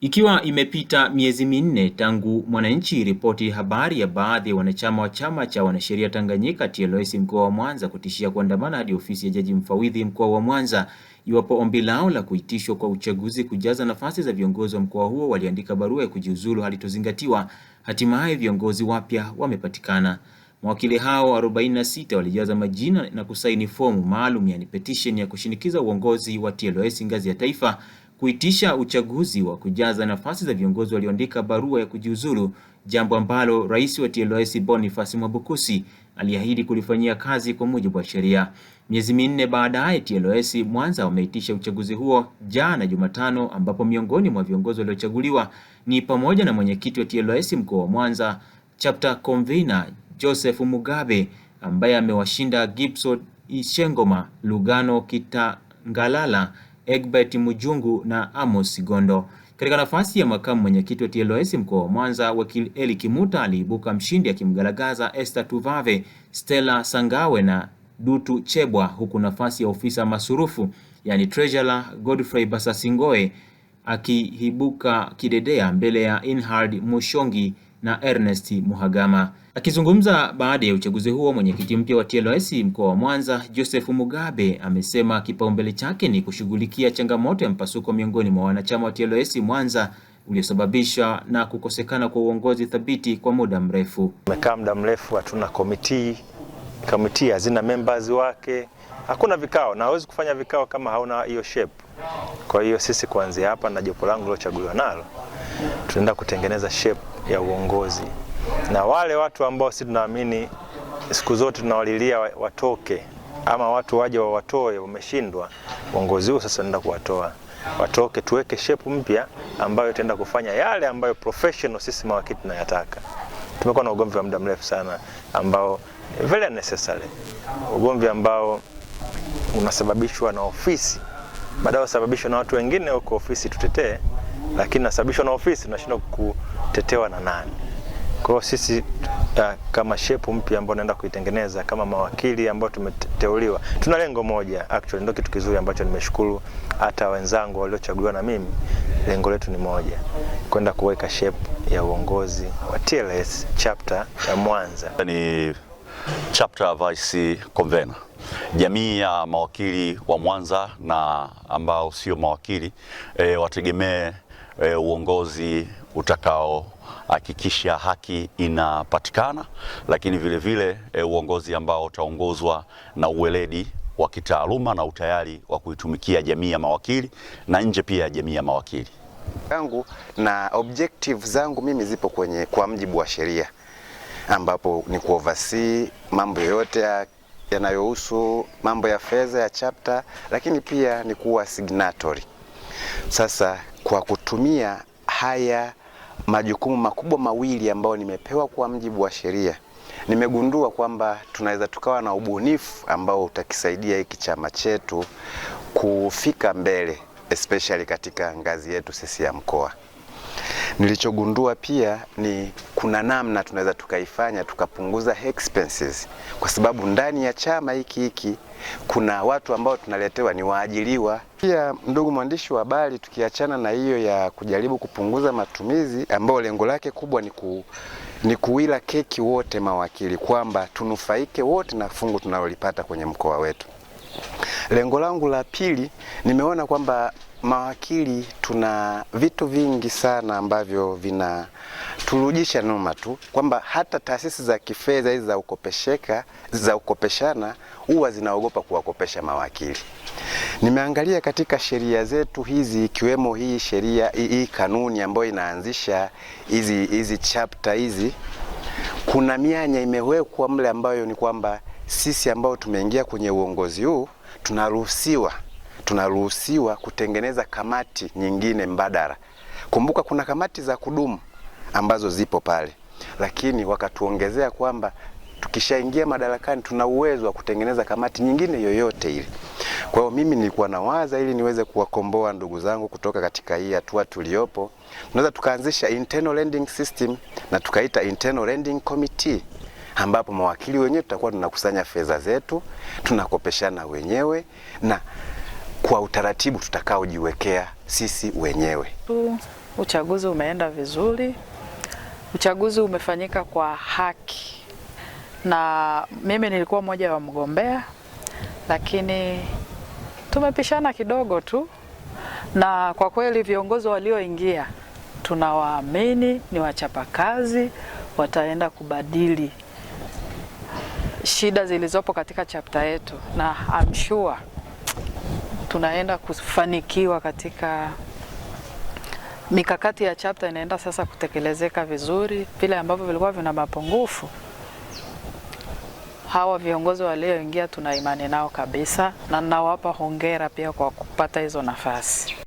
Ikiwa imepita miezi minne tangu Mwananchi ripoti habari ya baadhi ya wanachama wa Chama cha Wanasheria Tanganyika TLS mkoa wa Mwanza kutishia kuandamana hadi ofisi ya Jaji Mfawidhi mkoa wa Mwanza iwapo ombi lao la kuitishwa kwa uchaguzi kujaza nafasi za viongozi wa mkoa huo waliandika barua ya kujiuzulu halitozingatiwa, hatimaye viongozi wapya wamepatikana. Mawakili hao 46 walijaza majina na kusaini fomu maalum yani petition ya kushinikiza uongozi wa TLS ngazi ya taifa kuitisha uchaguzi wa kujaza nafasi za viongozi walioandika barua ya kujiuzulu, jambo ambalo rais wa TLS Boniface Mwabukusi aliahidi kulifanyia kazi kwa mujibu wa sheria. Miezi minne baadaye, TLS Mwanza wameitisha uchaguzi huo jana Jumatano, ambapo miongoni mwa viongozi waliochaguliwa ni pamoja na mwenyekiti wa TLS mkoa wa Mwanza chapter convener Joseph Mugabe ambaye amewashinda Gibson Ishengoma, Lugano Kitangalala Egbert Mujungu na Amos Gondo. Katika nafasi ya makamu mwenyekiti wa TLS mkoa wa Mwanza, wakili Eli Kimuta aliibuka mshindi akimgaragaza Esther Tuvave, Stella Sangawe na Dutu Chebwa, huku nafasi ya ofisa masurufu yani treasurer Godfrey Basasingoe akiibuka kidedea mbele ya Inhard Mushongi na Ernest Muhagama. Akizungumza baada ya uchaguzi huo, mwenyekiti mpya wa TLS mkoa wa Mwanza, Joseph Mugabe, amesema kipaumbele chake ni kushughulikia changamoto ya mpasuko miongoni mwa wanachama wa TLS Mwanza uliosababisha na kukosekana kwa uongozi thabiti kwa muda mrefu. Tumekaa muda mrefu, hatuna komiti, komiti hazina members wake, hakuna vikao na hawezi kufanya vikao kama hauna hiyo shape. Kwa hiyo sisi kuanzia hapa na jopo langu lilochaguliwa nalo tunaenda kutengeneza shape ya uongozi, na wale watu ambao sisi tunaamini siku zote tunawalilia watoke ama watu waje wawatoe, wameshindwa. Uongozi huu sasa naenda kuwatoa watoke, tuweke shape mpya ambayo itaenda kufanya yale ambayo professional sisi mawakili tunayataka. Tumekuwa na ugomvi wa muda mrefu sana ambao very necessary, ugomvi ambao unasababishwa na ofisi badala usababishwa na watu wengine huko ofisi tutetee lakini nasababishwa na ofisi, nashindwa kutetewa na nani? Kwa hiyo sisi uh, kama shepu mpya ambao naenda kuitengeneza kama mawakili ambao tumeteuliwa, tuna lengo moja. Actually ndio kitu kizuri ambacho nimeshukuru hata wenzangu waliochaguliwa na mimi, lengo letu ni moja, kwenda kuweka shepu ya uongozi wa TLS chapter ya Mwanza. Ni chapter vice convener jamii ya mawakili wa Mwanza na ambao sio mawakili e, wategemee e, uongozi utakaohakikisha haki inapatikana, lakini vile vile e, uongozi ambao utaongozwa na uweledi wa kitaaluma na utayari wa kuitumikia jamii ya mawakili na nje pia ya jamii ya mawakili yangu na objective zangu mimi zipo kwenye kwa mjibu wa sheria, ambapo ni kuoversee mambo yote ya yanayohusu mambo ya fedha ya chapter, lakini pia ni kuwa signatory. Sasa kwa kutumia haya majukumu makubwa mawili ambayo nimepewa kwa mjibu wa sheria, nimegundua kwamba tunaweza tukawa na ubunifu ambao utakisaidia hiki chama chetu kufika mbele especially katika ngazi yetu sisi ya mkoa. Nilichogundua pia ni kuna namna tunaweza tukaifanya tukapunguza expenses, kwa sababu ndani ya chama hiki hiki kuna watu ambao tunaletewa ni waajiliwa pia. Ndugu mwandishi wa habari, tukiachana na hiyo ya kujaribu kupunguza matumizi ambayo lengo lake kubwa ni, ku, ni kuila keki wote mawakili, kwamba tunufaike wote na fungu tunalolipata kwenye mkoa wetu. Lengo langu la pili, nimeona kwamba mawakili tuna vitu vingi sana ambavyo vinaturudisha nyuma tu, kwamba hata taasisi za kifedha hizi za ukopesheka za ukopeshana huwa zinaogopa kuwakopesha mawakili. Nimeangalia katika sheria zetu hizi ikiwemo hii sheria hii kanuni ambayo inaanzisha hizi hizi chapter hizi, kuna mianya imewekwa mle ambayo ni kwamba sisi ambao tumeingia kwenye uongozi huu tunaruhusiwa tunaruhusiwa kutengeneza kamati nyingine mbadala. Kumbuka kuna kamati za kudumu ambazo zipo pale, lakini wakatuongezea kwamba tukishaingia madarakani tuna uwezo wa kutengeneza kamati nyingine yoyote ile. Kwa hiyo mimi nilikuwa na waza ili niweze kuwakomboa ndugu zangu kutoka katika hii hatua tuliyopo tunaweza tukaanzisha internal lending system na tukaita internal lending committee, ambapo mawakili wenyewe tutakuwa tunakusanya fedha zetu tunakopeshana wenyewe na kwa utaratibu tutakaojiwekea sisi wenyewe. Uchaguzi umeenda vizuri, uchaguzi umefanyika kwa haki, na mimi nilikuwa mmoja wa mgombea, lakini tumepishana kidogo tu, na kwa kweli viongozi walioingia tunawaamini ni wachapakazi, wataenda kubadili shida zilizopo katika chapta yetu, na I'm sure tunaenda kufanikiwa katika mikakati ya chapter inaenda sasa kutekelezeka vizuri. Vile ambavyo vilikuwa vina mapungufu, hawa viongozi walioingia tuna imani nao kabisa, na nawapa hongera pia kwa kupata hizo nafasi.